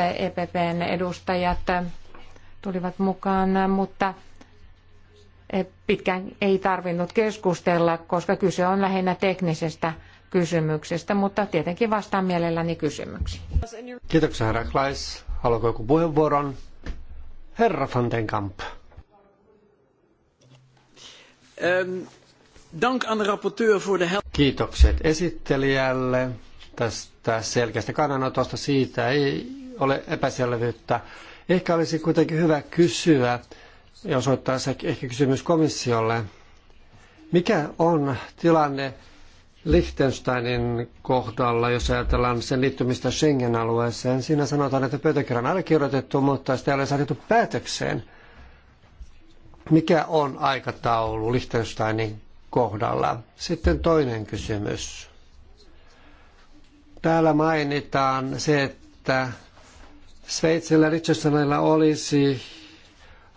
EPPn e edustajat tulivat mukaan, mutta e, pitkään ei tarvinnut keskustella, koska kyse on lähinnä teknisestä kysymyksestä, mutta tietenkin vastaan mielelläni kysymyksiin. Kiitoksia herra Klais. Haluatko joku puheenvuoron? Herra van den Kamp. Ehm, dank aan de rapporteur voor de Kiitokset esittelijälle tästä selkeästä kannanotosta. Siitä ei ole epäselvyyttä. Ehkä olisi kuitenkin hyvä kysyä ja osoittaa se ehkä kysymys komissiolle. Mikä on tilanne Liechtensteinin kohdalla, jos ajatellaan sen liittymistä Schengen-alueeseen? Siinä sanotaan, että pöytäkirja on allekirjoitettu, mutta sitä ei ole saatettu päätökseen. Mikä on aikataulu Liechtensteinin kohdalla? Sitten toinen kysymys. Täällä mainitaan se, että Sveitsillä Richardsonilla olisi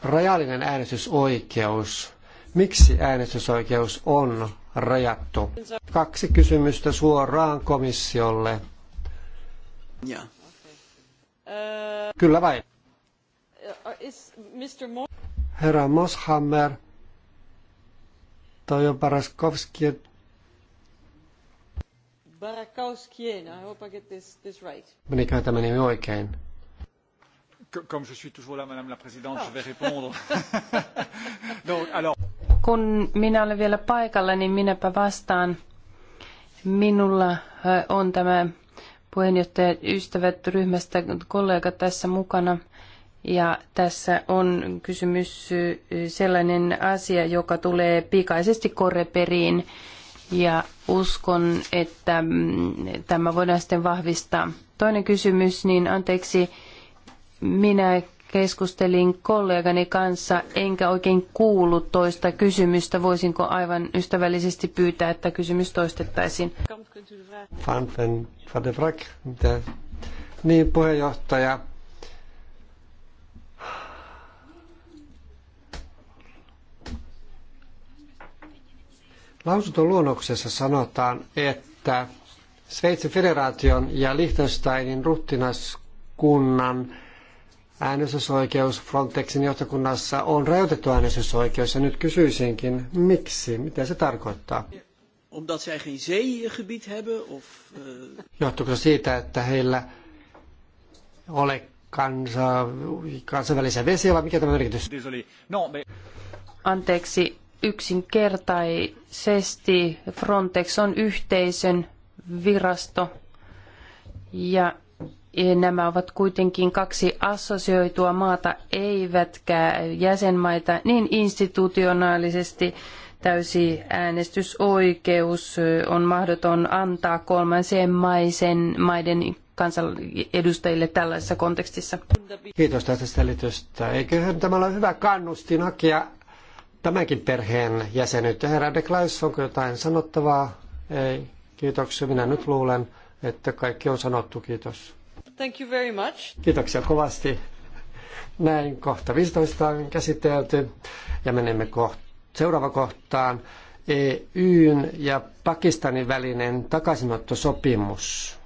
rajallinen äänestysoikeus. Miksi äänestysoikeus on rajattu? Kaksi kysymystä suoraan komissiolle. Kyllä vai? Uh, uh, Herra Moshammer, toi on Paraskovski. Barakauskien, I hope I get this, this right. Meniköhän tämä nimi oikein? Comme je suis toujours là, Madame la Présidente, je oh. vais répondre. Donc, alors... Kun minä olen vielä paikalla, niin minäpä vastaan. Minulla on tämä puheenjohtaja ystävät ryhmästä kollega tässä mukana. Ja tässä on kysymys sellainen asia, joka tulee pikaisesti korreperiin. Ja uskon, että mm, tämä voidaan sitten vahvistaa. Toinen kysymys, niin anteeksi, minä keskustelin kollegani kanssa, enkä oikein kuullut toista kysymystä. Voisinko aivan ystävällisesti pyytää, että kysymys toistettaisiin? Niin, puheenjohtaja. Lausuntoluonnoksessa sanotaan, että Sveitsin federaation ja Liechtensteinin ruhtinaskunnan äänestysoikeus Frontexin johtokunnassa on rajoitettu äänestysoikeus ja nyt kysyisinkin, miksi, mitä se tarkoittaa? Omdat zij geen zeegebied hebben of... Eh, Johtuuko se siitä, että heillä ole kansa, kansainvälisiä vesiä vai mikä tämä merkitys? No, Anteeksi, yksinkertaisesti Frontex on yhteisön virasto ja Nämä ovat kuitenkin kaksi assosioitua maata, eivätkä jäsenmaita, niin institutionaalisesti täysi äänestysoikeus on mahdoton antaa kolmansien maisen, maiden kansanedustajille tällaisessa kontekstissa. Kiitos tästä selitystä. Eiköhän tämä ole hyvä kannustin hakea tämänkin perheen jäsenyyttä. Herra de Klaus, onko jotain sanottavaa? Ei. Kiitoksia. Minä nyt luulen, että kaikki on sanottu. Kiitos. Thank you very much. Kiitoksia kovasti. Näin kohta 15 on käsitelty ja menemme kohta, seuraava kohtaan. EUn ja Pakistanin välinen takaisinottosopimus.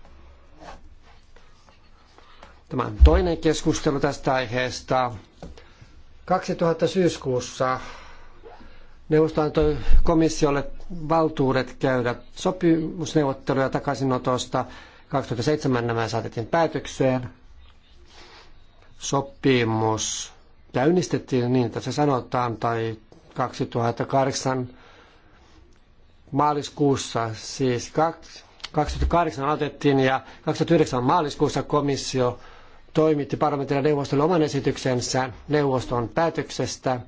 Tämä on toinen keskustelu tästä aiheesta. 2000 syyskuussa neuvosto antoi komissiolle valtuudet käydä sopimusneuvotteluja takaisinotosta 2007 nämä saatettiin päätökseen. Sopimus käynnistettiin niin, että se sanotaan, tai 2008 maaliskuussa, siis 2008 aloitettiin ja 2009 maaliskuussa komissio toimitti parlamentin neuvostolle oman esityksensä neuvoston päätöksestä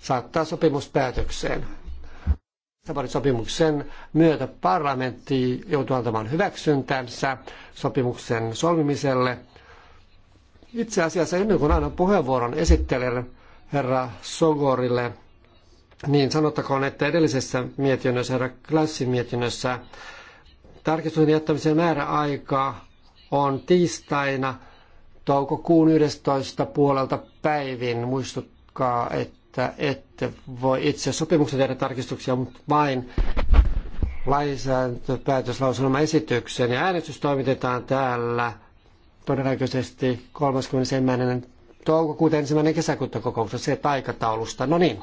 saattaa sopimus päätökseen. Lissabonin sopimuksen myötä parlamentti joutui antamaan hyväksyntänsä sopimuksen solmimiselle. Itse asiassa ennen kuin annan puheenvuoron esittelen herra Sogorille, niin sanottakoon, että edellisessä mietinnössä, herra Klassin mietinnössä, tarkistuksen jättämisen määräaika on tiistaina toukokuun 11. puolelta päivin. Muistutkaa, että että ette voi itse sopimuksen tehdä tarkistuksia, mutta vain lainsäädäntöpäätöslauselman Ja äänestys toimitetaan täällä todennäköisesti 31. toukokuuta ensimmäinen kesäkuuta kokouksessa se aikataulusta. No niin,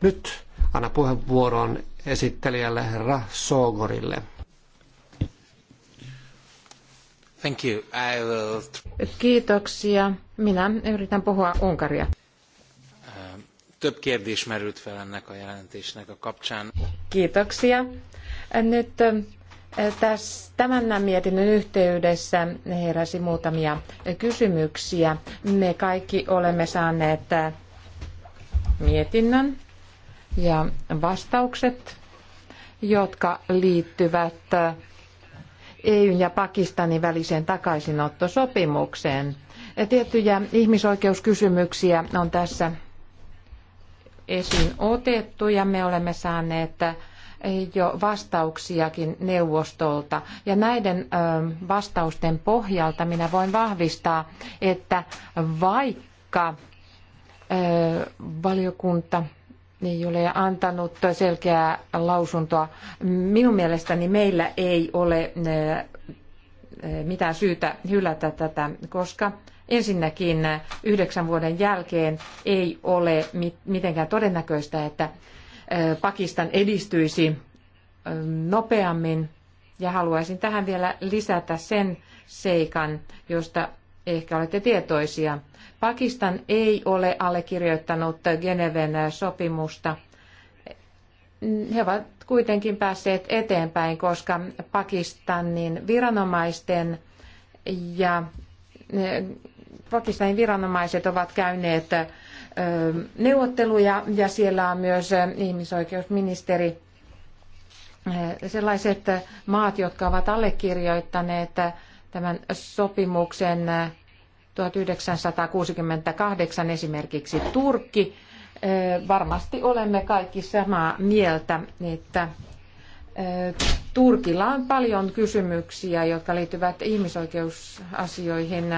nyt anna puheenvuoron esittelijälle herra Sogorille. Thank you. I will... Kiitoksia. Minä yritän puhua Unkaria. Több kérdés merült fel ennek a jelentésnek a kapcsán. Kiitoksia. Nyt tässä, tämän mietinnön yhteydessä heräsi muutamia kysymyksiä. Me kaikki olemme saaneet mietinnön ja vastaukset, jotka liittyvät EUn ja Pakistanin väliseen takaisinottosopimukseen. Tiettyjä ihmisoikeuskysymyksiä on tässä esiin otettu ja me olemme saaneet eh, jo vastauksiakin neuvostolta. Ja näiden eh, vastausten pohjalta minä voin vahvistaa, että vaikka eh, valiokunta ei ole antanut selkeää lausuntoa, minun mielestäni meillä ei ole mitään syytä hylätä tätä, koska Ensinnäkin yhdeksän vuoden jälkeen ei ole mitenkään todennäköistä, että Pakistan edistyisi nopeammin. Ja haluaisin tähän vielä lisätä sen seikan, josta ehkä olette tietoisia. Pakistan ei ole allekirjoittanut Geneven sopimusta. He ovat kuitenkin päässeet eteenpäin, koska Pakistanin viranomaisten ja Pakistanin viranomaiset ovat käyneet neuvotteluja ja siellä on myös ihmisoikeusministeri sellaiset maat, jotka ovat allekirjoittaneet tämän sopimuksen 1968 esimerkiksi Turkki. Varmasti olemme kaikki samaa mieltä, että Turkilla on paljon kysymyksiä, jotka liittyvät ihmisoikeusasioihin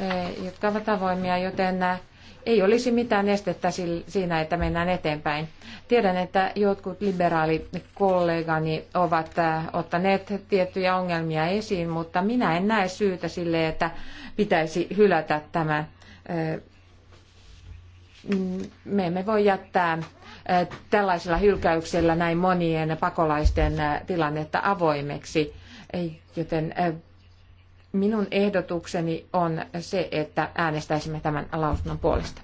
Eh, jotka ovat avoimia, joten eh, ei olisi mitään estettä siinä, että mennään eteenpäin. Tiedän, että jotkut liberaalikollegani ovat eh, ottaneet tiettyjä ongelmia esiin, mutta minä en näe syytä sille, että pitäisi hylätä tämä. Me emme voi jättää tällaisella hylkäyksellä näin monien pakolaisten tilannetta avoimeksi, joten Minun ehdotukseni on se, että äänestäisimme tämän lausunnon puolesta.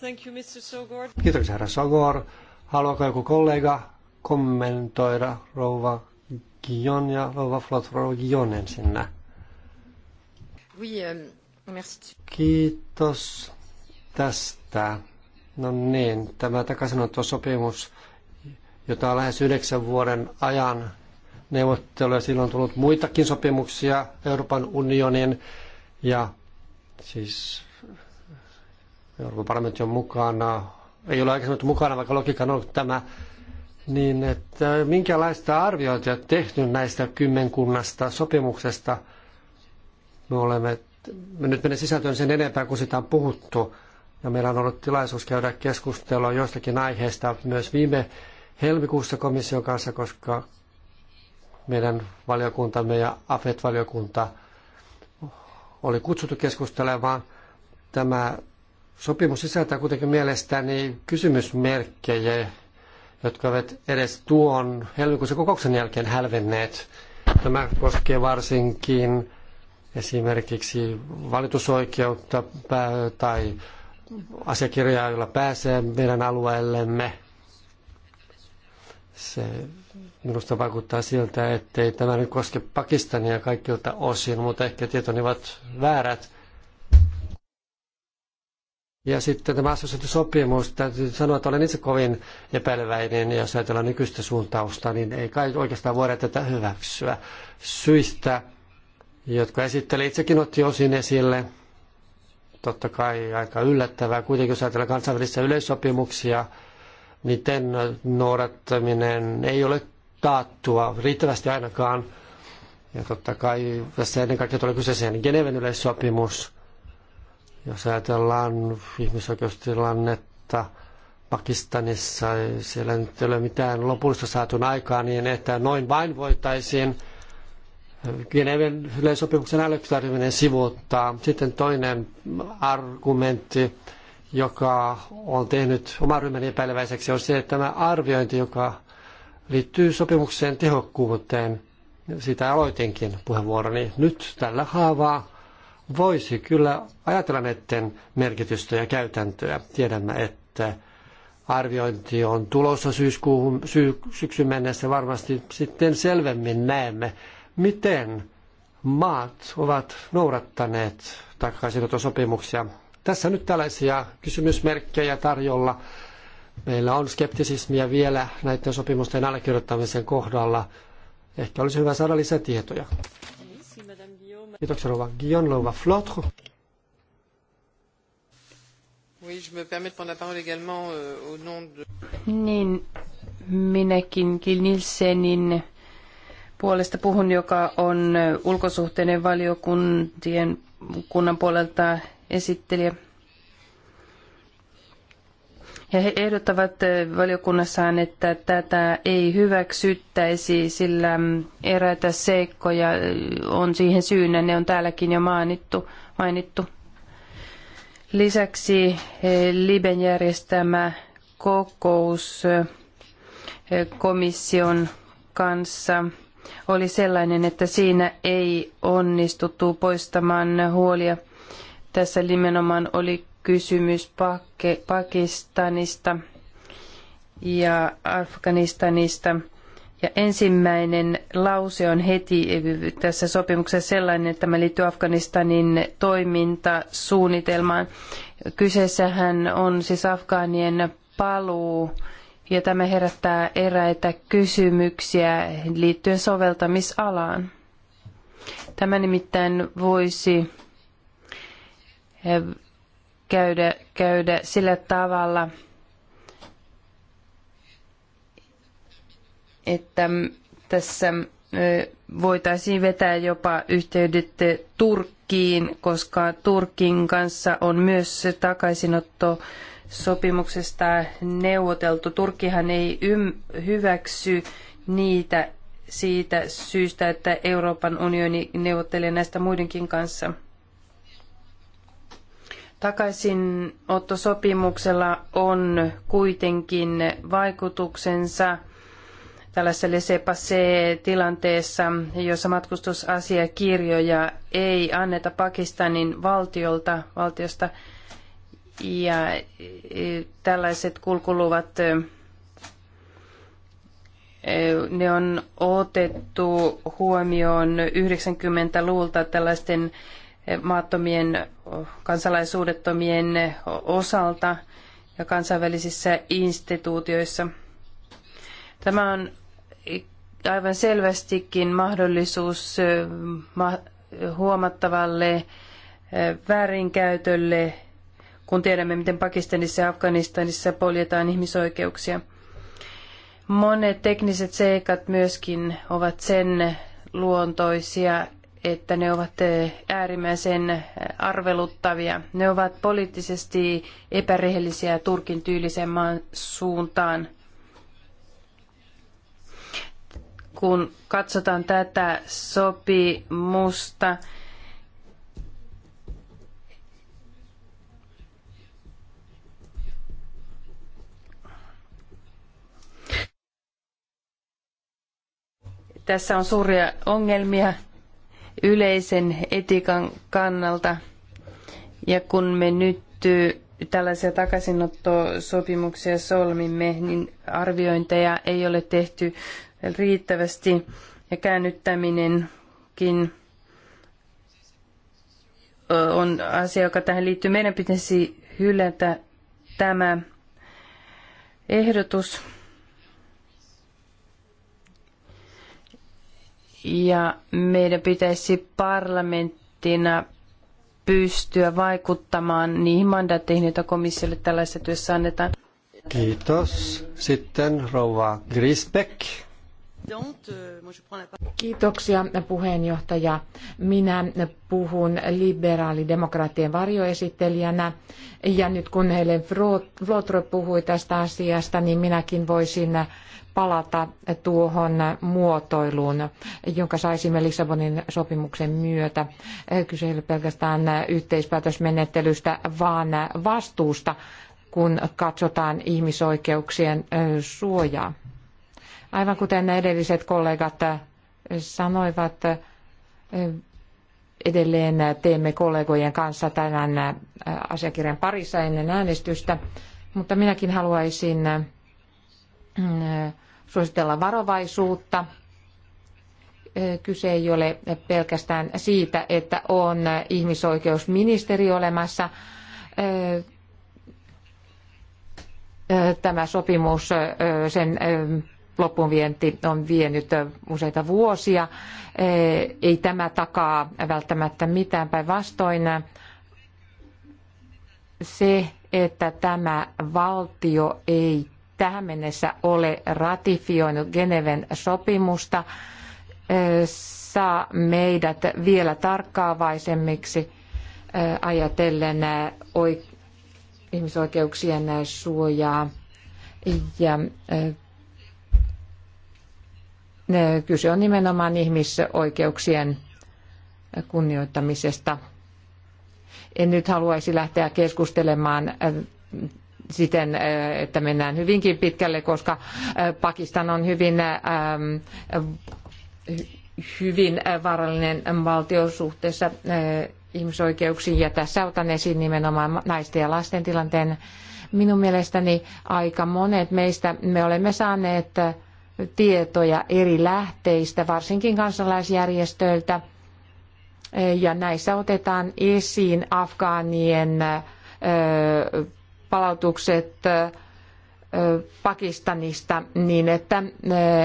Thank you, Mr. Sogor. Kiitoksia, herra Sogor. Haluaako joku kollega kommentoida rouva Gion ja rouva rouva Gion ensinnä? Oui, euh, merci. Kiitos tästä. No niin, tämä takaisinottosopimus, jota lähes yhdeksän vuoden ajan neuvotteluja. Silloin on tullut muitakin sopimuksia Euroopan unionin ja siis Euroopan parlamentti on mukana. Ei ole aikaisemmin ollut mukana, vaikka logiikka on ollut tämä. Niin, että minkälaista arviointia tehty näistä kymmenkunnasta sopimuksesta? Me olemme, me nyt menen sisältöön sen enempää kuin sitä on puhuttu. Ja meillä on ollut tilaisuus käydä keskustelua joistakin aiheista myös viime helmikuussa komission kanssa, koska meidän valiokuntamme ja AFET-valiokunta oli kutsuttu keskustelemaan. Tämä sopimus sisältää kuitenkin mielestäni kysymysmerkkejä, jotka ovat edes tuon helmikuisen kokouksen jälkeen hälvenneet. Tämä koskee varsinkin esimerkiksi valitusoikeutta tai asiakirjaa, jolla pääsee meidän alueellemme. Se minusta vaikuttaa siltä, ettei tämä nyt koske Pakistania kaikilta osin, mutta ehkä tietoni ovat väärät. Ja sitten tämä sopimus, täytyy sanoa, että olen itse kovin epäileväinen, ja jos ajatellaan nykyistä suuntausta, niin ei kai oikeastaan voida tätä hyväksyä syistä, jotka esitteli itsekin otti osin esille. Totta kai aika yllättävää, kuitenkin jos ajatellaan kansainvälisiä yleissopimuksia, niiden noudattaminen ei ole taattua riittävästi ainakaan. Ja totta kai tässä ennen kaikkea tulee kyseessä Geneven yleissopimus. Jos ajatellaan ihmisoikeustilannetta Pakistanissa, siellä nyt ei ole mitään lopullista saatu aikaa, niin että noin vain voitaisiin Geneven yleissopimuksen allekirjoittaminen sivuuttaa. Sitten toinen argumentti joka on tehnyt oman ryhmän epäileväiseksi, on se, että tämä arviointi, joka liittyy sopimukseen tehokkuuteen, sitä aloitinkin puheenvuoroni, nyt tällä haavaa voisi kyllä ajatella näiden merkitystä ja käytäntöä. Tiedämme, että arviointi on tulossa syyskuuhun, sy, syksyn mennessä varmasti sitten selvemmin näemme, miten maat ovat noudattaneet takaisinoton sopimuksia tässä nyt tällaisia kysymysmerkkejä tarjolla. Meillä on skeptisismiä vielä näiden sopimusten allekirjoittamisen kohdalla. Ehkä olisi hyvä saada lisätietoja. Kiitoksia rouva Guillaume Louva Flotre. Euh, niin, minäkin Kilnilsenin puolesta puhun, joka on ulkosuhteiden valiokuntien kunnan puolelta esittelijä. Ja he ehdottavat eh, valiokunnassaan, että tätä ei hyväksyttäisi, sillä mm, eräitä seikkoja eh, on siihen syynä, ne on täälläkin jo mainittu. mainittu. Lisäksi eh, Liben järjestämä kokous komission kanssa oli sellainen, että siinä ei onnistuttu poistamaan huolia – tässä nimenomaan oli kysymys Pakistanista ja Afganistanista. Ja ensimmäinen lause on heti tässä sopimuksessa sellainen, että tämä liittyy Afganistanin toimintasuunnitelmaan. Kyseessähän on siis afgaanien paluu ja tämä herättää eräitä kysymyksiä liittyen soveltamisalaan. Tämä nimittäin voisi käydä, käydä sillä tavalla, että tässä voitaisiin vetää jopa yhteydet Turkkiin, koska Turkin kanssa on myös takaisinotto sopimuksesta neuvoteltu. Turkkihan ei hyväksy niitä siitä syystä, että Euroopan unioni neuvottelee näistä muidenkin kanssa. Takaisinottosopimuksella on kuitenkin vaikutuksensa tällaisessa laissez-passer-tilanteessa, jossa matkustusasiakirjoja ei anneta Pakistanin valtiolta, valtiosta, ja e, e, tällaiset kulkuluvat, e, ne on otettu huomioon 90-luvulta tällaisten maattomien kansalaisuudettomien osalta ja kansainvälisissä instituutioissa. Tämä on aivan selvästikin mahdollisuus huomattavalle väärinkäytölle, kun tiedämme, miten Pakistanissa ja Afganistanissa poljetaan ihmisoikeuksia. Monet tekniset seikat myöskin ovat sen luontoisia, että ne ovat eh, äärimmäisen eh, arveluttavia. Ne ovat poliittisesti epärehellisiä Turkin tyylisen maan suuntaan. Kun katsotaan tätä sopimusta, tässä on suuria ongelmia yleisen etiikan kannalta. Ja kun me nyt tällaisia takaisinottosopimuksia solmimme, niin arviointeja ei ole tehty riittävästi ja käännyttäminenkin on asia, joka tähän liittyy. Meidän pitäisi hylätä tämä ehdotus. ja meidän pitäisi parlamenttina pystyä vaikuttamaan niihin mandaatteihin, joita komissiolle tällaisessa työssä annetaan. Kiitos. Sitten rouva Grisbeck. Kiitoksia puheenjohtaja. Minä puhun liberaalidemokraattien varjoesittelijänä ja nyt kun Helen Flotre puhui tästä asiasta, niin minäkin voisin palata tuohon muotoiluun, jonka saisimme Lissabonin sopimuksen myötä. Kyse ei ole pelkästään yhteispäätösmenettelystä, vaan vastuusta, kun katsotaan ihmisoikeuksien suojaa. Aivan kuten edelliset kollegat sanoivat, edelleen teemme kollegojen kanssa tämän asiakirjan parissa ennen äänestystä, mutta minäkin haluaisin suositella varovaisuutta. Kyse ei ole pelkästään siitä, että on ihmisoikeusministeri olemassa. Tämä sopimus, sen loppuvienti on vienyt useita vuosia. Ei tämä takaa välttämättä mitään päinvastoin. Se, että tämä valtio ei tähän mennessä ole ratifioinut Geneven sopimusta, saa meidät vielä tarkkaavaisemmiksi ajatellen ihmisoikeuksien suojaa. Ja kyse on nimenomaan ihmisoikeuksien kunnioittamisesta. En nyt haluaisi lähteä keskustelemaan siten, että mennään hyvinkin pitkälle, koska Pakistan on hyvin hyvin vaarallinen valtio suhteessa ihmisoikeuksiin ja tässä otan esiin nimenomaan naisten ja lasten tilanteen. Minun mielestäni aika monet meistä, me olemme saaneet tietoja eri lähteistä, varsinkin kansalaisjärjestöiltä, ja näissä otetaan esiin afgaanien palautukset Pakistanista niin, että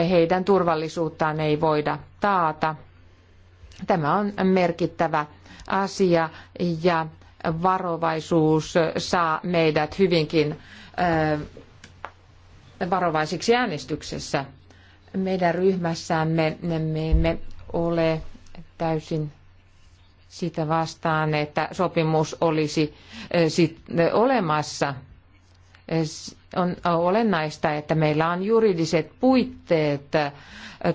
heidän turvallisuuttaan ei voida taata. Tämä on merkittävä asia ja varovaisuus saa meidät hyvinkin varovaisiksi äänestyksessä. Meidän ryhmässämme me emme ole täysin sitä vastaan, että sopimus olisi olemassa. On olennaista, että meillä on juridiset puitteet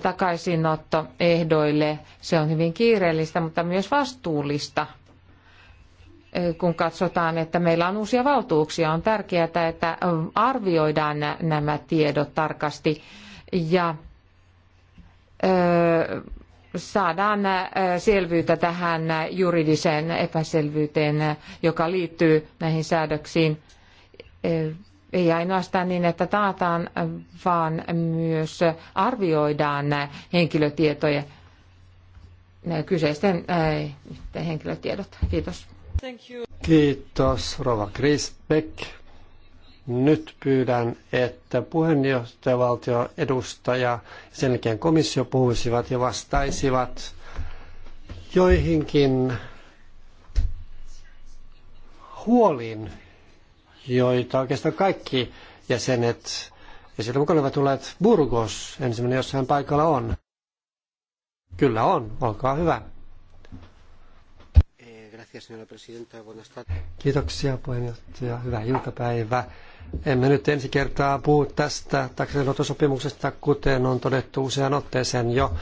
takaisinottoehdoille. Se on hyvin kiireellistä, mutta myös vastuullista kun katsotaan, että meillä on uusia valtuuksia, on tärkeää, että arvioidaan nämä tiedot tarkasti ja saadaan eh, selvyyttä tähän juridiseen epäselvyyteen, joka liittyy näihin säädöksiin. Eh, ei ainoastaan niin, että taataan, vaan myös arvioidaan henkilötietoja, kyseisten eh, henkilötiedot. Kiitos. Kiitos, Rova Grisbeck. Nyt pyydän, että puheenjohtajavaltion edustaja sen jälkeen komissio puhuisivat ja vastaisivat joihinkin huoliin, joita oikeastaan kaikki jäsenet ja sieltä mukana ovat tulleet Burgos, ensimmäinen jos hän paikalla on. Kyllä on, olkaa hyvä. Eh, Kiitoksia puheenjohtaja, hyvää iltapäivää. Emme nyt ensi kertaa puhu tästä taksinotosopimuksesta, kuten on todettu usean otteeseen jo.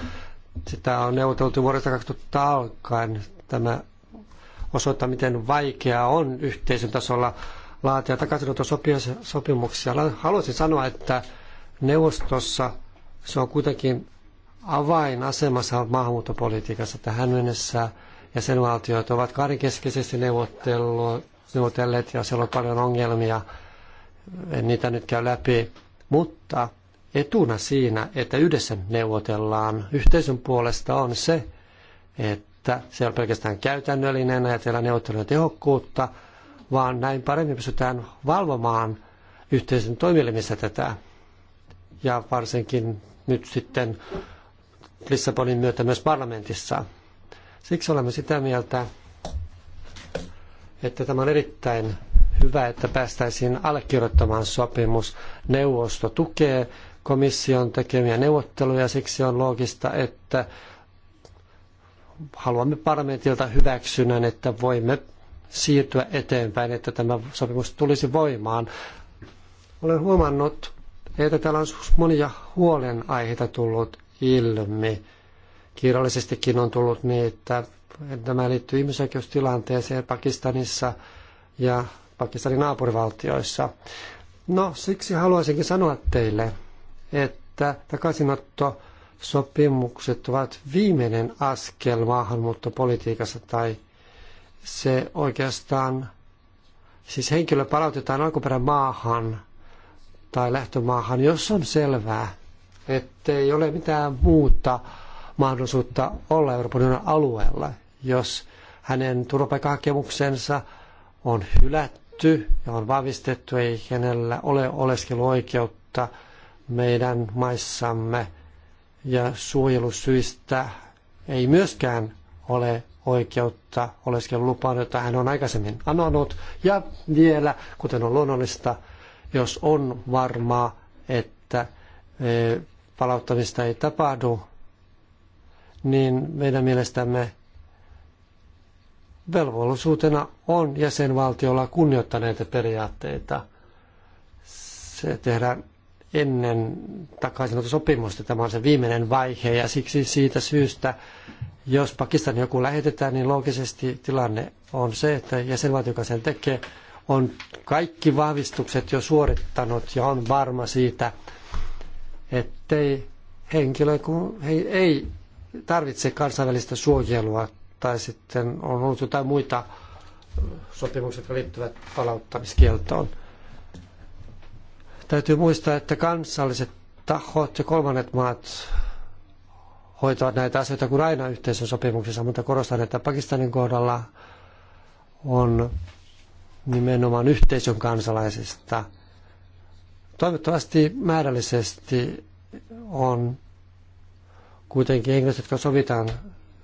Sitä on neuvoteltu vuodesta 2000 alkaen. Tämä osoittaa, miten vaikeaa on yhteisön tasolla laatia takaisinottosopimuksia. Haluaisin sanoa, että neuvostossa se on kuitenkin avainasemassa maahanmuuttopolitiikassa tähän mennessä. Jäsenvaltiot ovat kahdenkeskeisesti neuvotelleet ja siellä on paljon ongelmia en niitä nyt käy läpi, mutta etuna siinä, että yhdessä neuvotellaan yhteisön puolesta on se, että se on pelkästään käytännöllinen ajatella neuvottelujen tehokkuutta, vaan näin paremmin pystytään valvomaan yhteisön toimielimissä tätä. Ja varsinkin nyt sitten Lissabonin myötä myös parlamentissa. Siksi olemme sitä mieltä, että tämä on erittäin hyvä, että päästäisiin allekirjoittamaan sopimus. Neuvosto tukee komission tekemiä neuvotteluja, siksi on loogista, että haluamme parlamentilta hyväksynnän, että voimme siirtyä eteenpäin, että tämä sopimus tulisi voimaan. Olen huomannut, että täällä on monia huolenaiheita tullut ilmi. Kirjallisestikin on tullut niitä, että tämä liittyy ihmisoikeustilanteeseen Pakistanissa ja Pakistanin naapurivaltioissa. No siksi haluaisinkin sanoa teille, että takaisinotto sopimukset ovat viimeinen askel maahanmuuttopolitiikassa tai se oikeastaan, siis henkilö palautetaan alkuperän maahan tai lähtömaahan, jos on selvää, ei ole mitään muuta mahdollisuutta olla Euroopan unionin alueella, jos hänen turvapaikkahakemuksensa on hylätty hyväksytty ja on vahvistettu, ei kenellä ole oleskeluoikeutta meidän maissamme ja suojelusyistä ei myöskään ole oikeutta oleskelulupaan, jota hän on aikaisemmin anonut. Ja vielä, kuten on luonnollista, jos on varmaa, että e, palauttamista ei tapahdu, niin meidän mielestämme velvollisuutena on jäsenvaltiolla kunnioittaa näitä periaatteita. Se tehdään ennen takaisinottosopimusta. Tämä on se viimeinen vaihe ja siksi siitä syystä, jos Pakistan joku lähetetään, niin loogisesti tilanne on se, että jäsenvaltio, joka sen tekee, on kaikki vahvistukset jo suorittanut ja on varma siitä, ettei henkilö kun he ei tarvitse kansainvälistä suojelua tai sitten on ollut jotain muita sopimuksia, jotka liittyvät palauttamiskieltoon. Täytyy muistaa, että kansalliset tahot ja kolmannet maat hoitavat näitä asioita kuin aina yhteisön sopimuksessa, mutta korostan, että Pakistanin kohdalla on nimenomaan yhteisön kansalaisista. Toivottavasti määrällisesti on kuitenkin henkilöt, jotka sovitaan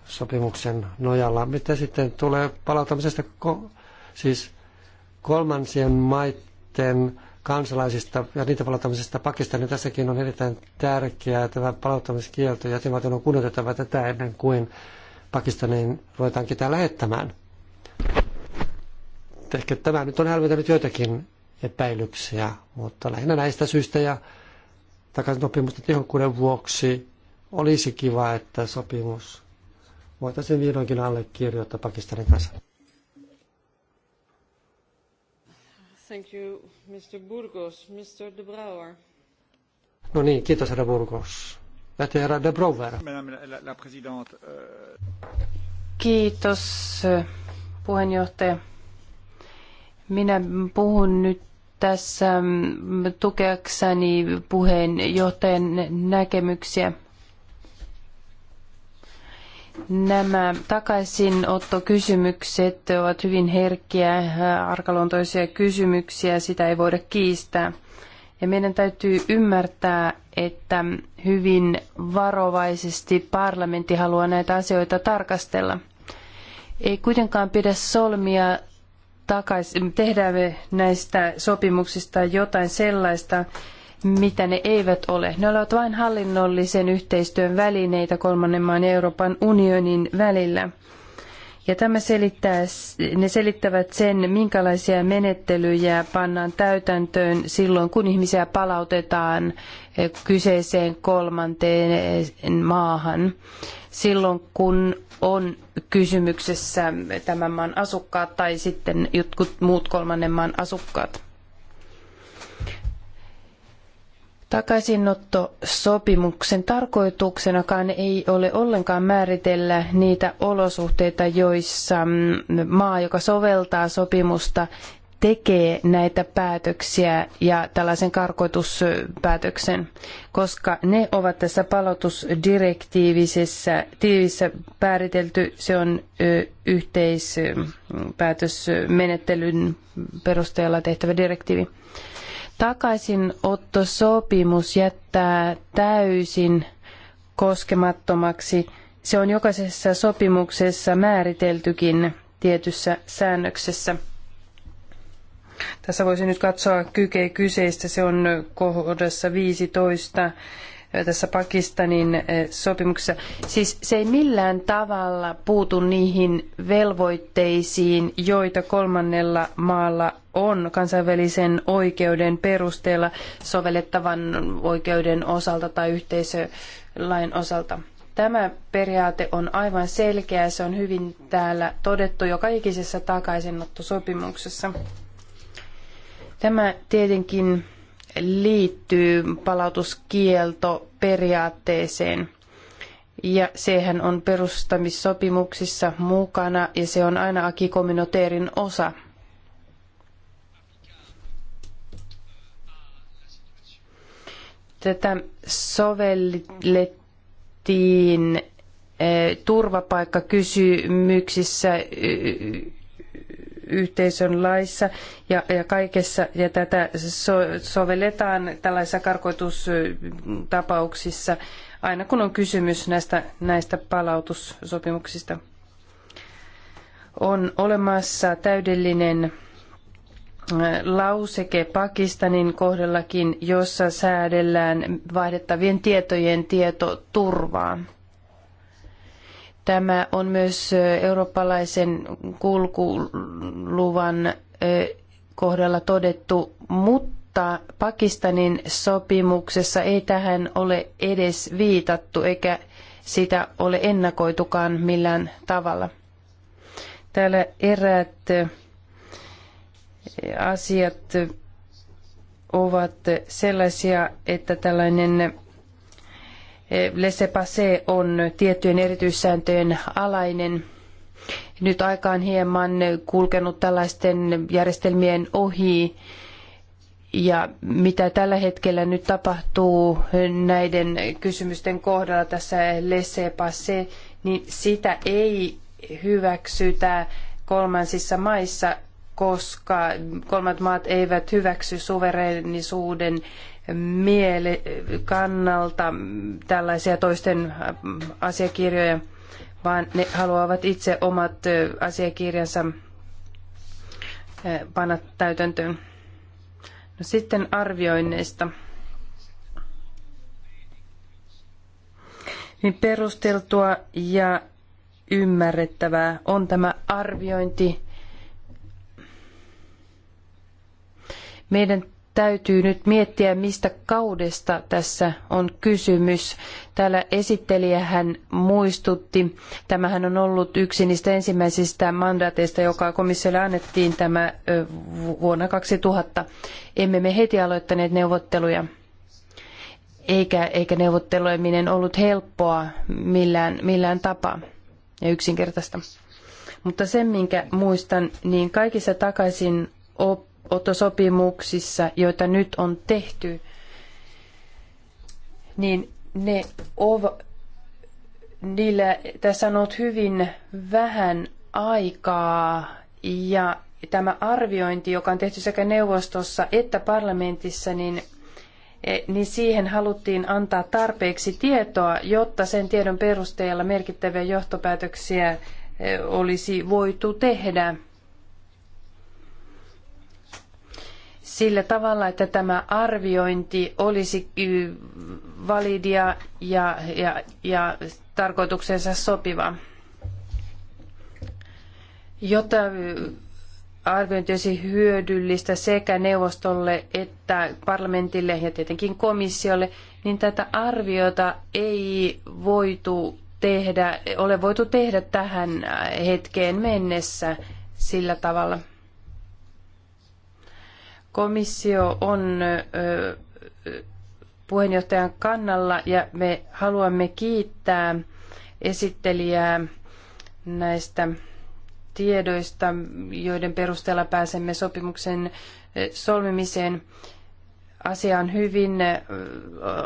sopimuksen nojalla. Mitä sitten tulee palauttamisesta siis kolmansien maiden kansalaisista ja niitä palauttamisesta Pakistanin niin tässäkin on erittäin tärkeää tämä palauttamiskielto. Jäsenvaltion on kunnioitettava tätä ennen kuin Pakistaniin ruvetaan ketään lähettämään. Ehkä tämä nyt on hälventänyt joitakin epäilyksiä, mutta lähinnä näistä syistä ja takaisin sopimusten tehokkuuden vuoksi olisi kiva, että sopimus voitaisiin vihdoinkin allekirjoittaa Pakistanin kanssa. Thank you, Mr. Burgos. Mr. De Brouwer. No niin, kiitos herra Burgos. Lähtee herra De Brouwer. Madame la, présidente. Euh, kiitos puheenjohtaja. Minä puhun nyt tässä tukeakseni puheenjohtajan näkemyksiä. Nämä takaisinottokysymykset ovat hyvin herkkiä, arkaluontoisia kysymyksiä, sitä ei voida kiistää. Ja meidän täytyy ymmärtää, että hyvin varovaisesti parlamentti haluaa näitä asioita tarkastella. Ei kuitenkaan pidä solmia takaisin, tehdään näistä sopimuksista jotain sellaista, mitä ne eivät ole. Ne ovat vain hallinnollisen yhteistyön välineitä kolmannen maan Euroopan unionin välillä. Ja tämä selittää, ne selittävät sen, minkälaisia menettelyjä pannaan täytäntöön silloin, kun ihmisiä palautetaan eh, kyseiseen kolmanteen eh, maahan. Silloin, kun on kysymyksessä tämän maan asukkaat tai sitten jotkut muut kolmannen maan asukkaat. Takaisinottosopimuksen tarkoituksenakaan ei ole ollenkaan määritellä niitä olosuhteita, joissa mm, maa, joka soveltaa sopimusta, tekee näitä päätöksiä ja tällaisen karkoituspäätöksen, koska ne ovat tässä palautusdirektiivisessä tiivissä määritelty, se on yhteispäätösmenettelyn perusteella tehtävä direktiivi. Takaisinottosopimus jättää täysin koskemattomaksi. Se on jokaisessa sopimuksessa määriteltykin tietyssä säännöksessä. Tässä voisi nyt katsoa kyke kyseistä, se on kohdassa 15 tässä Pakistanin sopimuksessa. Siis se ei millään tavalla puutu niihin velvoitteisiin, joita kolmannella maalla on kansainvälisen oikeuden perusteella sovellettavan oikeuden osalta tai yhteisölain osalta. Tämä periaate on aivan selkeä, se on hyvin täällä todettu joka ikisessä takaisinottosopimuksessa. Tämä tietenkin liittyy palautuskieltoperiaatteeseen Ja sehän on perustamissopimuksissa mukana ja se on aina akikominoteerin osa. Tätä sovellettiin eh, turvapaikkakysymyksissä yhteisön laissa ja, ja kaikessa, ja tätä so, sovelletaan tällaisissa karkoitustapauksissa aina kun on kysymys näistä, näistä palautussopimuksista. On olemassa täydellinen äh, lauseke Pakistanin kohdallakin, jossa säädellään vaihdettavien tietojen tietoturvaa. Tämä on myös eurooppalaisen kulkuluvan kohdalla todettu, mutta Pakistanin sopimuksessa ei tähän ole edes viitattu eikä sitä ole ennakoitukaan millään tavalla. Täällä eräät asiat ovat sellaisia, että tällainen Laissez-passer on tiettyjen erityissääntöjen alainen. Nyt aika on hieman kulkenut tällaisten järjestelmien ohi. Ja mitä tällä hetkellä nyt tapahtuu näiden kysymysten kohdalla tässä laissez-passer, niin sitä ei hyväksytä kolmansissa maissa, koska kolmat maat eivät hyväksy suvereenisuuden miele, kannalta tällaisia toisten asiakirjoja, vaan ne haluavat itse omat asiakirjansa panna täytäntöön. No sitten arvioinneista. Niin perusteltua ja ymmärrettävää on tämä arviointi. Meidän täytyy nyt miettiä, mistä kaudesta tässä on kysymys. Täällä esittelijä hän muistutti, tämähän on ollut yksi niistä ensimmäisistä mandaateista, joka komissiolle annettiin tämä vuonna 2000. Emme me heti aloittaneet neuvotteluja, eikä, eikä neuvotteleminen ollut helppoa millään, millään tapaa ja yksinkertaista. Mutta sen, minkä muistan, niin kaikissa takaisin op käyttöönotosopimuksissa, joita nyt on tehty, niin ne ovat, niillä tässä on ollut hyvin vähän aikaa ja tämä arviointi, joka on tehty sekä neuvostossa että parlamentissa, niin, e, niin siihen haluttiin antaa tarpeeksi tietoa, jotta sen tiedon perusteella merkittäviä johtopäätöksiä e, olisi voitu tehdä sillä tavalla, että tämä arviointi olisi validia ja, ja, ja tarkoituksensa sopiva. Jotta arviointi olisi hyödyllistä sekä neuvostolle että parlamentille ja tietenkin komissiolle, niin tätä arviota ei voitu tehdä, ole voitu tehdä tähän hetkeen mennessä sillä tavalla. Komissio on puheenjohtajan kannalla ja me haluamme kiittää esittelijää näistä tiedoista, joiden perusteella pääsemme sopimuksen solmimiseen. Asia on hyvin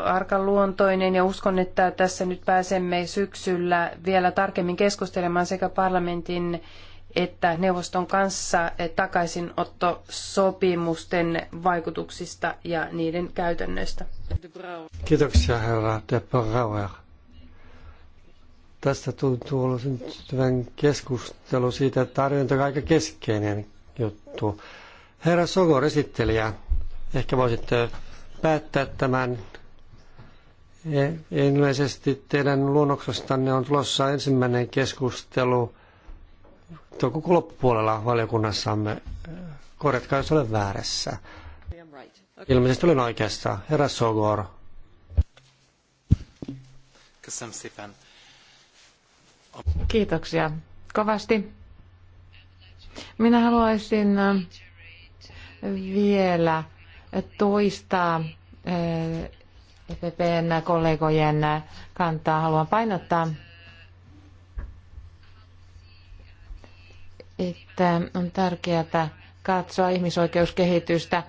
arkaluontoinen ja uskon, että tässä nyt pääsemme syksyllä vielä tarkemmin keskustelemaan sekä parlamentin että neuvoston kanssa takaisinottosopimusten vaikutuksista ja niiden käytännöistä. Kiitoksia herra de Brauer. Tästä tuntuu olla syntyvän keskustelu siitä, että tarjonta on aika keskeinen juttu. Herra Sogor, esittelijä, ehkä voisitte päättää tämän. E, ilmeisesti teidän luonnoksestanne on tulossa ensimmäinen keskustelu toukokuun loppupuolella valiokunnassamme. Eh, korjatkaa, jos olen väärässä. Ilmeisesti olen oikeassa. Herra Sogor. Kiitoksia kovasti. Minä haluaisin eh, vielä toistaa EPPn eh, e kollegojen kantaa. Haluan painottaa että on tärkeää katsoa ihmisoikeuskehitystä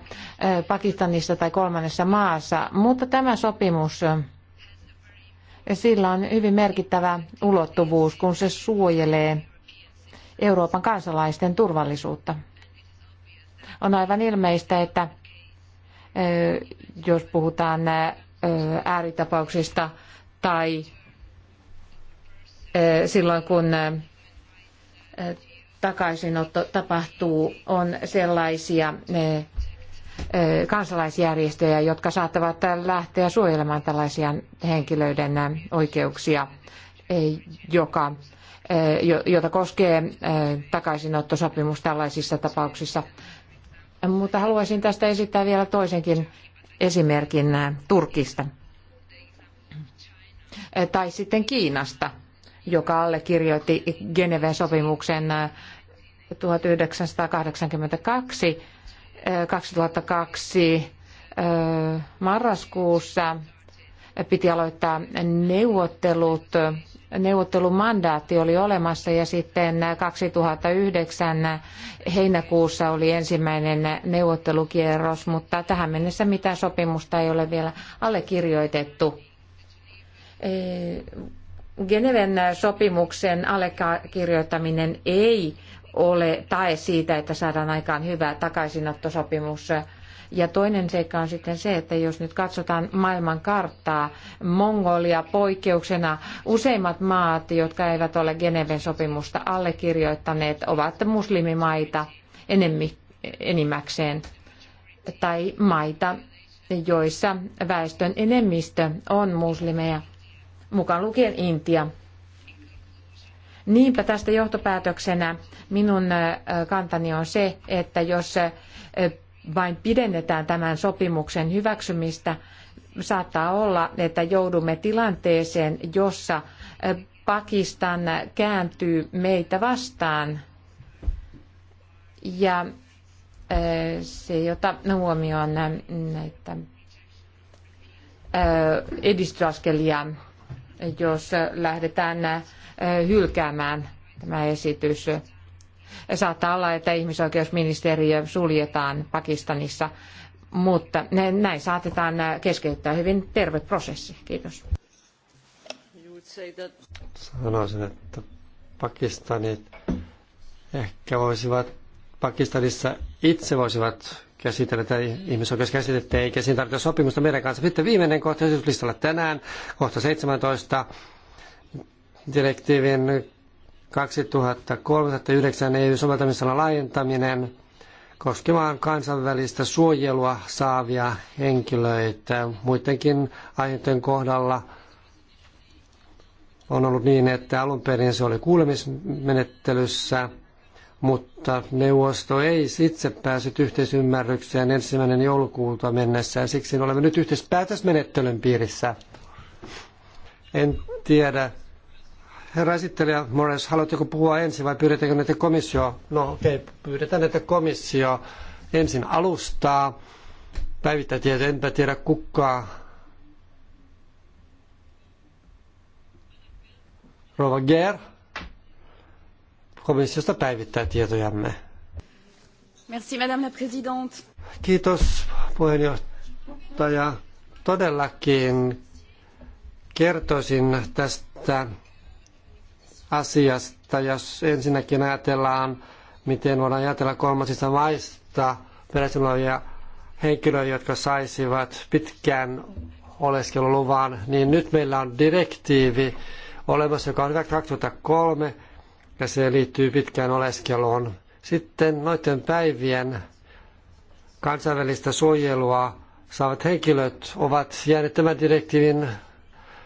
Pakistanissa tai kolmannessa maassa, mutta tämä sopimus, sillä on hyvin merkittävä ulottuvuus, kun se suojelee Euroopan kansalaisten turvallisuutta. On aivan ilmeistä, että jos puhutaan ääritapauksista tai silloin kun takaisinotto tapahtuu, on sellaisia eh, eh, kansalaisjärjestöjä, jotka saattavat lähteä suojelemaan tällaisia henkilöiden eh, oikeuksia, joka, jota koskee takaisinottosopimus tällaisissa tapauksissa. Mutta haluaisin tästä esittää vielä toisenkin esimerkin Turkista tai sitten Kiinasta – joka allekirjoitti Geneven sopimuksen 1982 äh, 2002 äh, äh, marraskuussa piti aloittaa neuvottelut. Neuvottelumandaatti oli olemassa ja sitten 2009 heinäkuussa oli ensimmäinen neuvottelukierros, mutta tähän mennessä mitään sopimusta ei ole vielä allekirjoitettu Geneven sopimuksen allekirjoittaminen ei ole tae siitä, että saadaan aikaan hyvä takaisinottosopimus. Ja toinen seikka on sitten se, että jos nyt katsotaan maailman karttaa, Mongolia poikkeuksena, useimmat maat, jotka eivät ole Geneven sopimusta allekirjoittaneet, ovat muslimimaita enemmi, enimmäkseen tai maita, joissa väestön enemmistö on muslimeja mukaan lukien Intia. Niinpä tästä johtopäätöksenä minun kantani on se, että jos vain pidennetään tämän sopimuksen hyväksymistä, saattaa olla, että joudumme tilanteeseen, jossa Pakistan kääntyy meitä vastaan ja se ei ota huomioon näitä edistysaskelia jos lähdetään äh, hylkäämään tämä esitys. Saattaa olla, että ihmisoikeusministeriö suljetaan Pakistanissa, mutta näin saatetaan äh, keskeyttää hyvin terve prosessi. Kiitos. Sanoisin, että Pakistanit ehkä voisivat Pakistanissa itse voisivat käsitellä tätä ihmisoikeuskäsitettä, eikä siinä tarvita sopimusta meidän kanssa. Sitten viimeinen kohta esityslistalla tänään, kohta 17, direktiivin 2003-2009 eu soveltamisella laajentaminen koskemaan kansainvälistä suojelua saavia henkilöitä. Muidenkin aiheiden kohdalla on ollut niin, että alun perin se oli kuulemismenettelyssä – mutta neuvosto ei itse päässyt yhteisymmärrykseen ensimmäinen joulukuuta mennessä ja siksi olemme nyt yhteispäätösmenettelyn piirissä. En tiedä. Herra esittelijä Morris, haluatteko puhua ensin vai pyydetäänkö näitä komissio? No okei, okay, pyydetään näitä komissio ensin alustaa. Päivittää tietä, enpä tiedä kukaan. Rova Ger komissiosta päivittää tietojamme. Merci, Madame la Présidente. Kiitos puheenjohtaja. Todellakin kertoisin tästä asiasta, jos ensinnäkin ajatellaan, miten voidaan ajatella kolmansista maista peräisin olevia henkilöitä, jotka saisivat pitkään oleskeluluvan, niin nyt meillä on direktiivi olemassa, joka on hyvä 2003 ja se liittyy pitkään oleskeluun. Sitten noiden päivien kansainvälistä suojelua saavat henkilöt ovat jääneet tämän direktiivin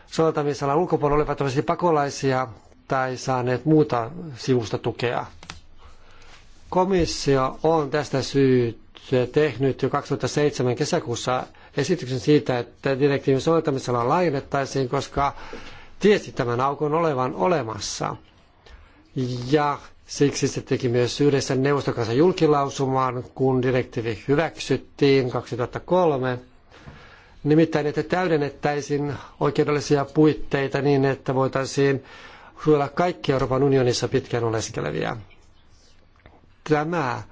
soveltamisalan ulkopuolella olevat pakolaisia tai saaneet muuta sivusta tukea. Komissio on tästä syystä tehnyt jo 2007 kesäkuussa esityksen siitä, että direktiivin soveltamisella laajennettaisiin, koska tiesi tämän aukon olevan olemassa – ja siksi se teki myös yhdessä neuvoston kanssa julkilausumaan, kun direktiivi hyväksyttiin 2003. Nimittäin, että täydennettäisiin oikeudellisia puitteita niin, että voitaisiin suojella kaikkia Euroopan unionissa pitkään oleskelevia. Tämä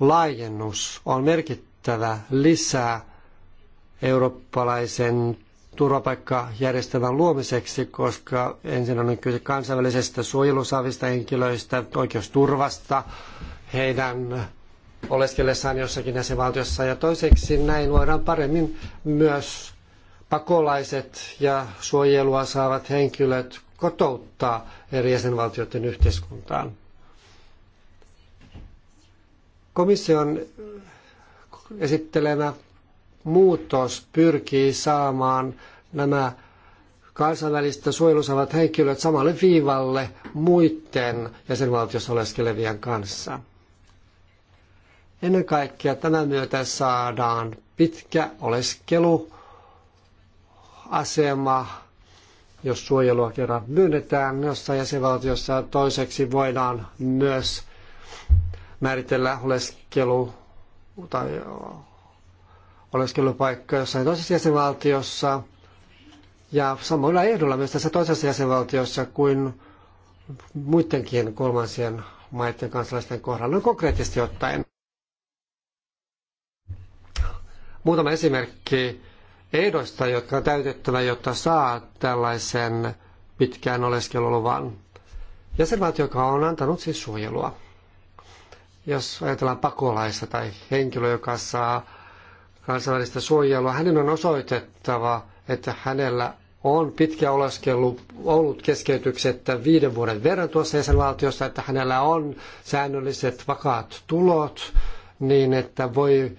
laajennus on merkittävä lisä eurooppalaisen turvapaikkajärjestelmän luomiseksi, koska ensin on kyse kansainvälisestä suojelusaavista henkilöistä, oikeusturvasta, heidän oleskellessaan jossakin jäsenvaltiossa. Ja toiseksi näin voidaan paremmin myös pakolaiset ja suojelua saavat henkilöt kotouttaa eri jäsenvaltioiden yhteiskuntaan. Komission esittelemä muutos pyrkii saamaan nämä kansainvälistä suojelua saavat henkilöt samalle viivalle muiden jäsenvaltiossa oleskelevien kanssa. Ennen kaikkea tämän myötä saadaan pitkä oleskeluasema, jos suojelua kerran myönnetään jossain jäsenvaltiossa. Toiseksi voidaan myös määritellä oleskelu tai oleskelupaikka jossain toisessa jäsenvaltiossa ja samoilla ehdolla myös tässä toisessa jäsenvaltiossa kuin muidenkin kolmansien maiden kansalaisten kohdalla, noin konkreettisesti ottaen. Muutama esimerkki ehdoista, jotka on täytettävä, jotta saa tällaisen pitkään oleskeluluvan. Jäsenvaltio, joka on antanut siis suojelua. Jos ajatellaan pakolaista tai henkilöä, joka saa kansainvälistä suojelua, hänen on osoitettava, että hänellä on pitkä oleskelu ollut keskeytyksettä viiden vuoden verran tuossa jäsenvaltiossa, että hänellä on säännölliset vakaat tulot, niin että voi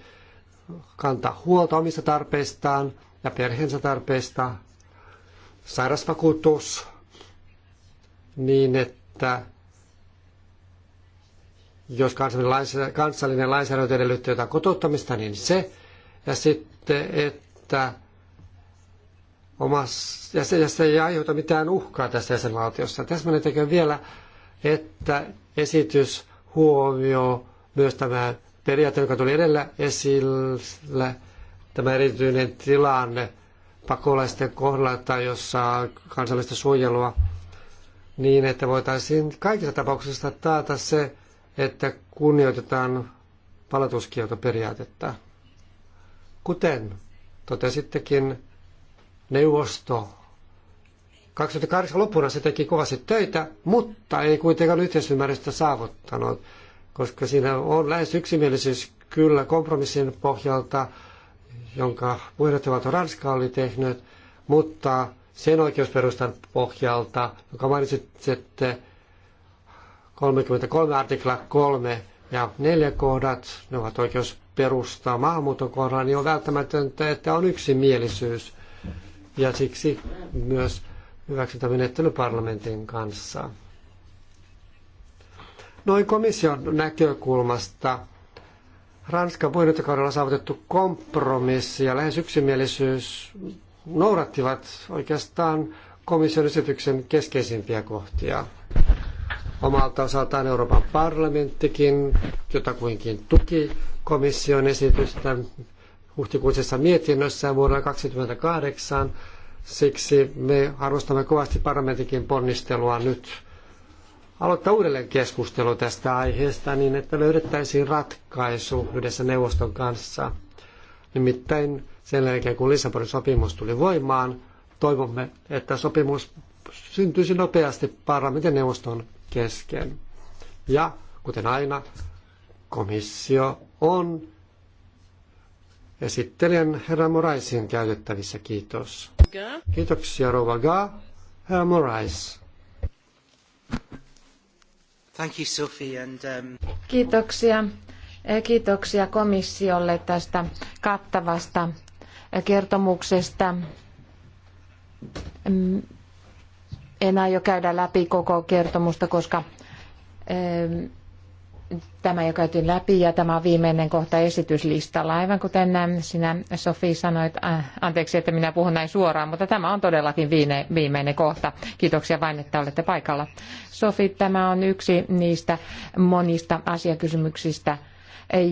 kantaa huolta omista tarpeistaan ja perheensä tarpeista, sairasvakuutus, niin että jos kansallinen lainsäädäntö edellyttää jotain kotouttamista, niin se – ja sitten, että omassa, ja se, ja se ei aiheuta mitään uhkaa tässä jäsenvaltiossa. Täsmälleen vielä, että esitys huomioi myös tämä periaate, joka tuli edellä esille, tämä erityinen tilanne pakolaisten kohdalla tai jossa kansallista suojelua, niin että voitaisiin kaikissa tapauksissa taata se, että kunnioitetaan palautuskieltoperiaatetta. Kuten totesittekin, neuvosto 2008 loppuna se teki kovasti töitä, mutta ei kuitenkaan yhteisymmärrystä saavuttanut, koska siinä on lähes yksimielisyys kyllä kompromissin pohjalta, jonka puheenjohtajavaltio Ranska oli tehnyt, mutta sen oikeusperustan pohjalta, joka mainitsitte 33 artikla 3 ja neljä kohdat, ne ovat oikeus perustaa maahanmuuton kohdalla, niin on välttämätöntä, että on yksimielisyys. Ja siksi myös hyväksyntämenettely parlamentin kanssa. Noin komission näkökulmasta Ranskan puheenjohtajakaudella saavutettu kompromissi ja lähes yksimielisyys noudattivat oikeastaan komission esityksen keskeisimpiä kohtia. Omalta osaltaan Euroopan parlamenttikin jotakuinkin tuki komission esitystä huhtikuisessa mietinnössä vuonna 2008. Siksi me arvostamme kovasti parlamentikin ponnistelua nyt aloittaa uudelleen keskustelu tästä aiheesta niin, että löydettäisiin ratkaisu yhdessä neuvoston kanssa. Nimittäin sen jälkeen, kun Lissabonin sopimus tuli voimaan, toivomme, että sopimus syntyisi nopeasti parlamentin neuvoston kesken. Ja kuten aina, komissio on esittelijän herra Moraisin käytettävissä. Kiitos. Kiitoksia rouva Ga. Herra Morais. Thank you, Sophie, and, um... Kiitoksia. Eh, kiitoksia komissiolle tästä kattavasta eh, kertomuksesta. Mm, en aio käydä läpi koko kertomusta, koska tämä jo käytiin läpi ja tämä on viimeinen kohta esityslistalla. Aivan kuten sinä Sofi sanoit, äh, anteeksi, että minä puhun näin suoraan, mutta tämä on todellakin viine, viimeinen kohta. Kiitoksia vain, että olette paikalla. Sofi, tämä on yksi niistä monista asiakysymyksistä,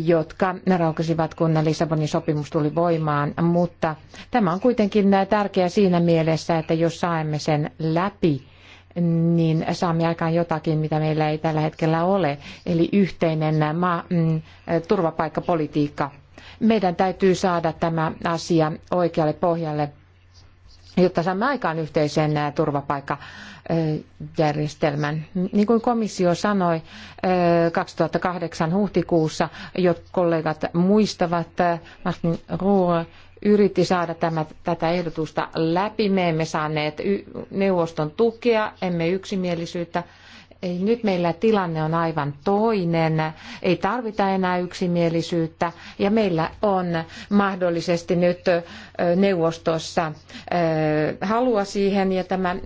jotka raukesivat, kun Lissabonin sopimus tuli voimaan, mutta tämä on kuitenkin tärkeä siinä mielessä, että jos saamme sen läpi, niin saamme aikaan jotakin, mitä meillä ei tällä hetkellä ole, eli yhteinen ma mm, turvapaikkapolitiikka. Meidän täytyy saada tämä asia oikealle pohjalle jotta saamme aikaan yhteisen turvapaikkajärjestelmän. Niin kuin komissio sanoi 2008 huhtikuussa, jotkut kollegat muistavat, Martin Ruhr yritti saada tämä, tätä ehdotusta läpi. Me emme saaneet neuvoston tukea, emme yksimielisyyttä. Ei, nyt meillä tilanne on aivan toinen, ei tarvita enää yksimielisyyttä ja meillä on mahdollisesti nyt neuvostossa halua siihen ja tämä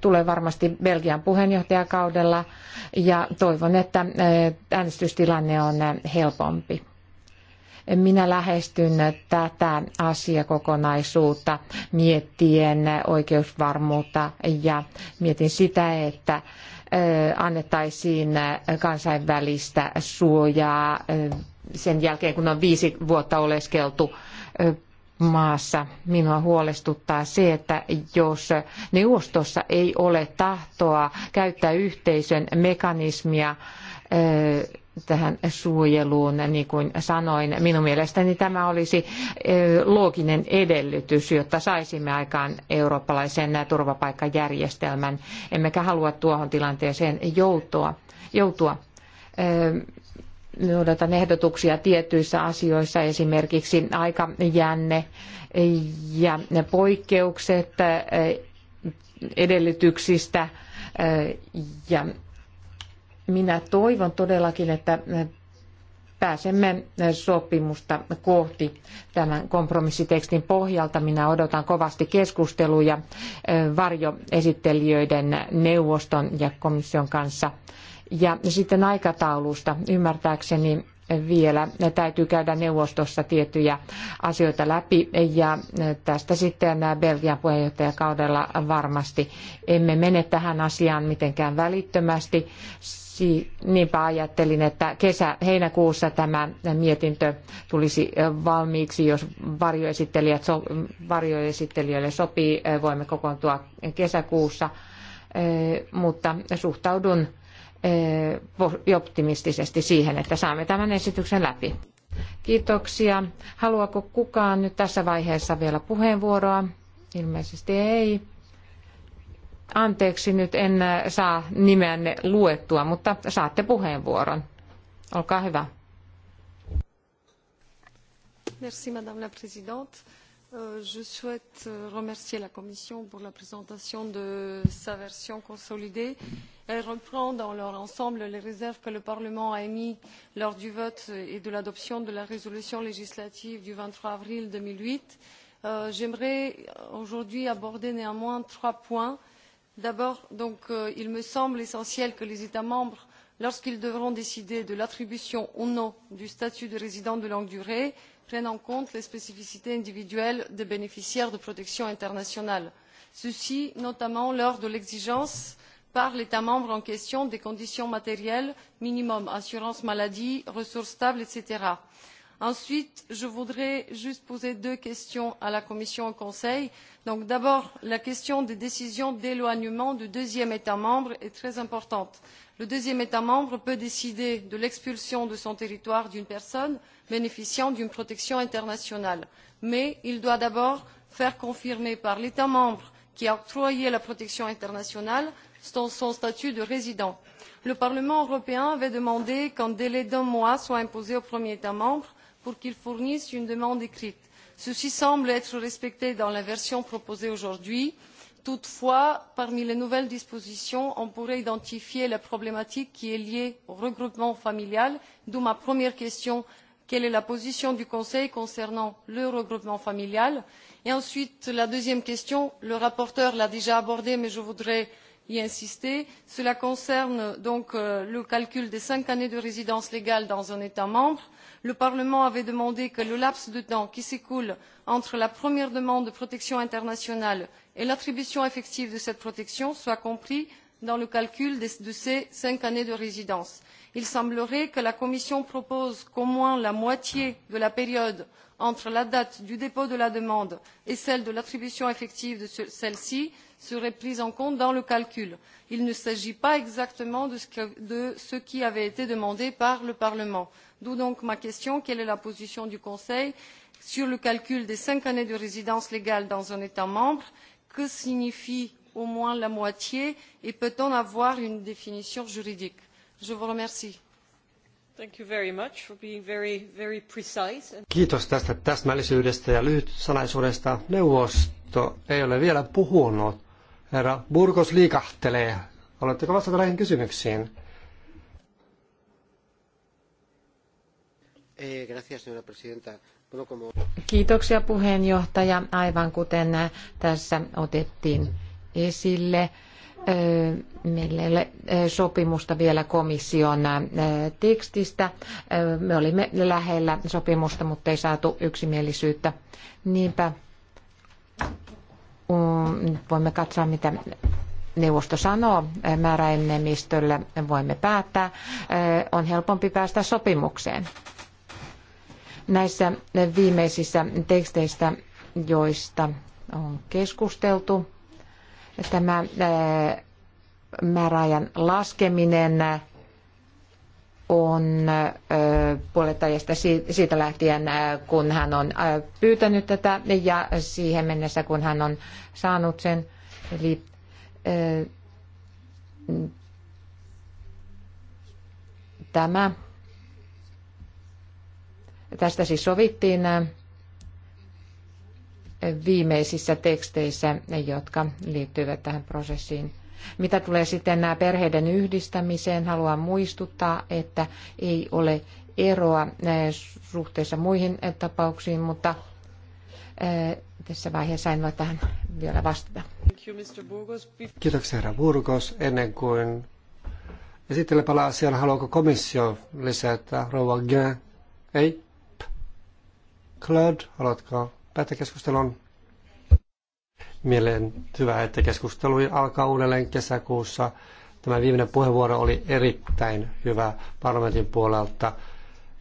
tulee varmasti Belgian puheenjohtajakaudella ja toivon, että äänestystilanne on helpompi minä lähestyn tätä asiakokonaisuutta miettien oikeusvarmuutta ja mietin sitä, että annettaisiin kansainvälistä suojaa sen jälkeen, kun on viisi vuotta oleskeltu maassa. Minua huolestuttaa se, että jos neuvostossa ei ole tahtoa käyttää yhteisön mekanismia, tähän suojeluun, niin kuin sanoin. Minun mielestäni tämä olisi looginen edellytys, jotta saisimme aikaan eurooppalaisen turvapaikkajärjestelmän. Emmekä halua tuohon tilanteeseen joutua. joutua. Odotan ehdotuksia tietyissä asioissa, esimerkiksi aikajänne ja poikkeukset edellytyksistä ja minä toivon todellakin, että pääsemme sopimusta kohti tämän kompromissitekstin pohjalta. Minä odotan kovasti keskusteluja eh, varjoesittelijöiden neuvoston ja komission kanssa. Ja sitten aikataulusta ymmärtääkseni vielä täytyy käydä neuvostossa tiettyjä asioita läpi ja eh, tästä sitten Belgian puheenjohtajakaudella varmasti emme mene tähän asiaan mitenkään välittömästi Si- niinpä ajattelin, että kesä-heinäkuussa tämä mietintö tulisi valmiiksi, jos varjoesittelijät varjoesittelijöille sopii. Voimme kokoontua kesäkuussa, mutta suhtaudun optimistisesti siihen, että saamme tämän esityksen läpi. Kiitoksia. Haluaako kukaan nyt tässä vaiheessa vielä puheenvuoroa? Ilmeisesti ei anteeksi, nyt en äh, saa nimeänne luettua, mutta saatte puheenvuoron. Olkaa hyvä. Merci, Madame la Présidente. Euh, je souhaite euh, remercier la Commission pour la présentation de sa version consolidée. Elle reprend dans leur ensemble les réserves que le Parlement a émises lors du vote et de l'adoption de la résolution législative du 23 avril 2008. Euh, J'aimerais aujourd'hui aborder néanmoins trois points d'abord euh, il me semble essentiel que les états membres lorsqu'ils devront décider de l'attribution ou non du statut de résident de longue durée prennent en compte les spécificités individuelles des bénéficiaires de protection internationale ceci notamment lors de l'exigence par l'état membre en question des conditions matérielles minimum assurance maladie ressources stables etc ensuite je voudrais juste poser deux questions à la commission et au conseil. d'abord la question des décisions d'éloignement du deuxième état membre est très importante. le deuxième état membre peut décider de l'expulsion de son territoire d'une personne bénéficiant d'une protection internationale mais il doit d'abord faire confirmer par l'état membre qui a octroyé la protection internationale son, son statut de résident. le parlement européen avait demandé qu'un délai d'un mois soit imposé au premier état membre pour qu'ils fournissent une demande écrite. ceci semble être respecté dans la version proposée aujourd'hui. toutefois parmi les nouvelles dispositions on pourrait identifier la problématique qui est liée au regroupement familial d'où ma première question quelle est la position du conseil concernant le regroupement familial? et ensuite la deuxième question le rapporteur l'a déjà abordée mais je voudrais y insister. Cela concerne donc euh, le calcul des cinq années de résidence légale dans un État membre. Le Parlement avait demandé que le laps de temps qui s'écoule entre la première demande de protection internationale et l'attribution effective de cette protection soit compris dans le calcul de ces cinq années de résidence. Il semblerait que la Commission propose qu'au moins la moitié de la période entre la date du dépôt de la demande et celle de l'attribution effective de celle-ci seraient prises en compte dans le calcul. il ne s'agit pas exactement de ce, qui avait été demandé par le parlement. d'où donc ma question quelle est la position du conseil sur le calcul des cinq années de résidence légale dans un état membre? que signifie au moins la moitié et peut on avoir une définition juridique? je vous remercie. Kiitos tästä täsmällisyydestä ja lyhytsanaisuudesta. Neuvosto ei ole vielä puhunut. Herra Burgos liikahtelee. Oletteko vastata näihin kysymyksiin? Eh, Kiitoksia puheenjohtaja. Aivan kuten eh, tässä otettiin esille, eh, meillä ei ole sopimusta vielä komission tekstistä. Me olimme lähellä sopimusta, mutta ei saatu yksimielisyyttä. Niinpä Mm, voimme katsoa, mitä neuvosto sanoo määräenemmistölle, voimme päättää, eh, on helpompi päästä sopimukseen. Näissä viimeisissä teksteistä, joista on keskusteltu, tämä eh, määräajan laskeminen on puolettajasta siitä lähtien, kun hän on pyytänyt tätä ja siihen mennessä, kun hän on saanut sen. Eli tämä, tästä siis sovittiin viimeisissä teksteissä, jotka liittyvät tähän prosessiin. Mitä tulee sitten nämä perheiden yhdistämiseen, haluan muistuttaa, että ei ole eroa suhteessa muihin tapauksiin, mutta tässä vaiheessa en voi tähän vielä vastata. Kiitoksia herra Burgos. Ennen kuin esittelen palaa asiaan, haluaako komissio lisätä rouva Gain? Ei? Claude, haluatko päättää keskustelun? Mieleen hyvä, että keskustelu alkaa uudelleen kesäkuussa. Tämä viimeinen puheenvuoro oli erittäin hyvä parlamentin puolelta.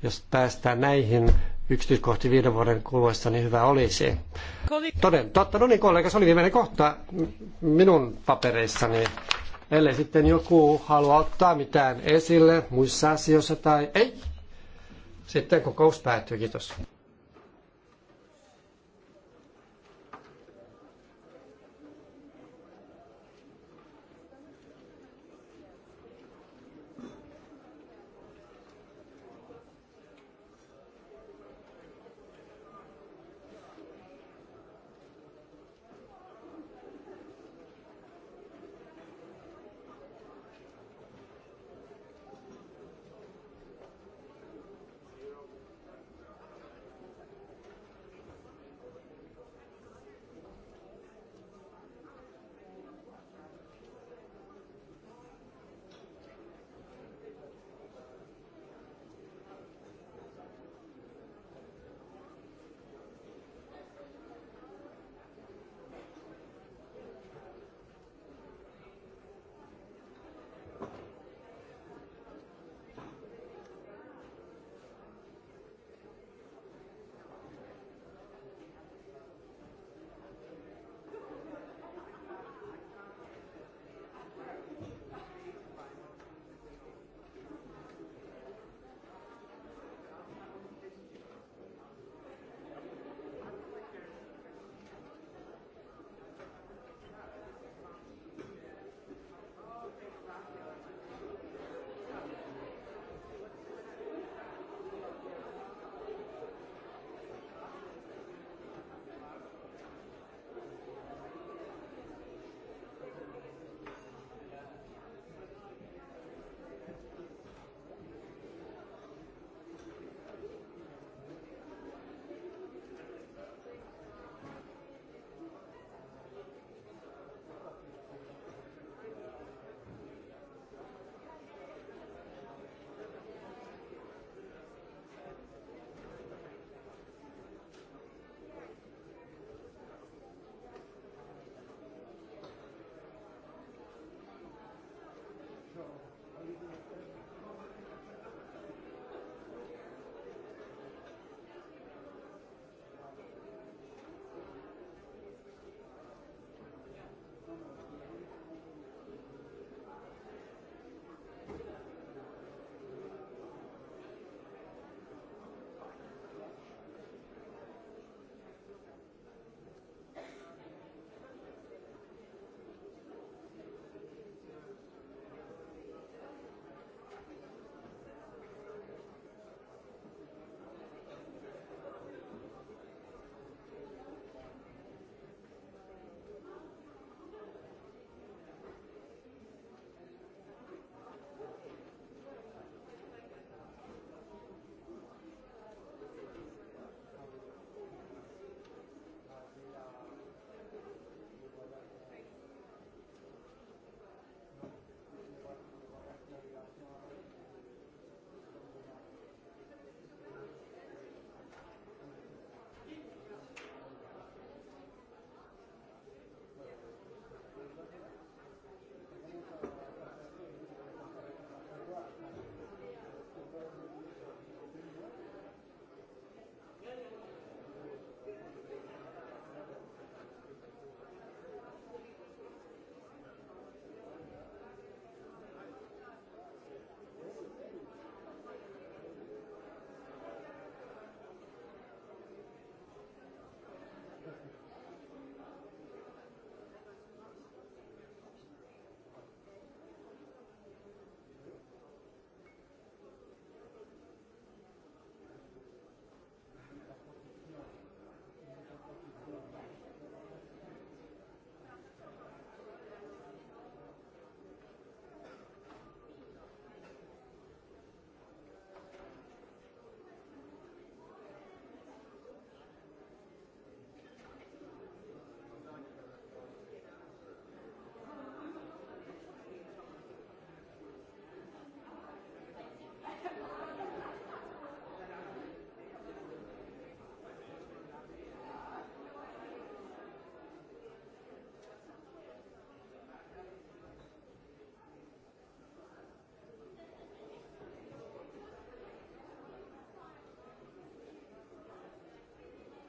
Jos päästään näihin yksityiskohtiin viiden vuoden kuluessa, niin hyvä olisi. Toden totta, no niin kollega, se oli viimeinen kohta minun papereissani. Ellei sitten joku halua ottaa mitään esille muissa asioissa tai ei. Sitten kokous päättyy, kiitos.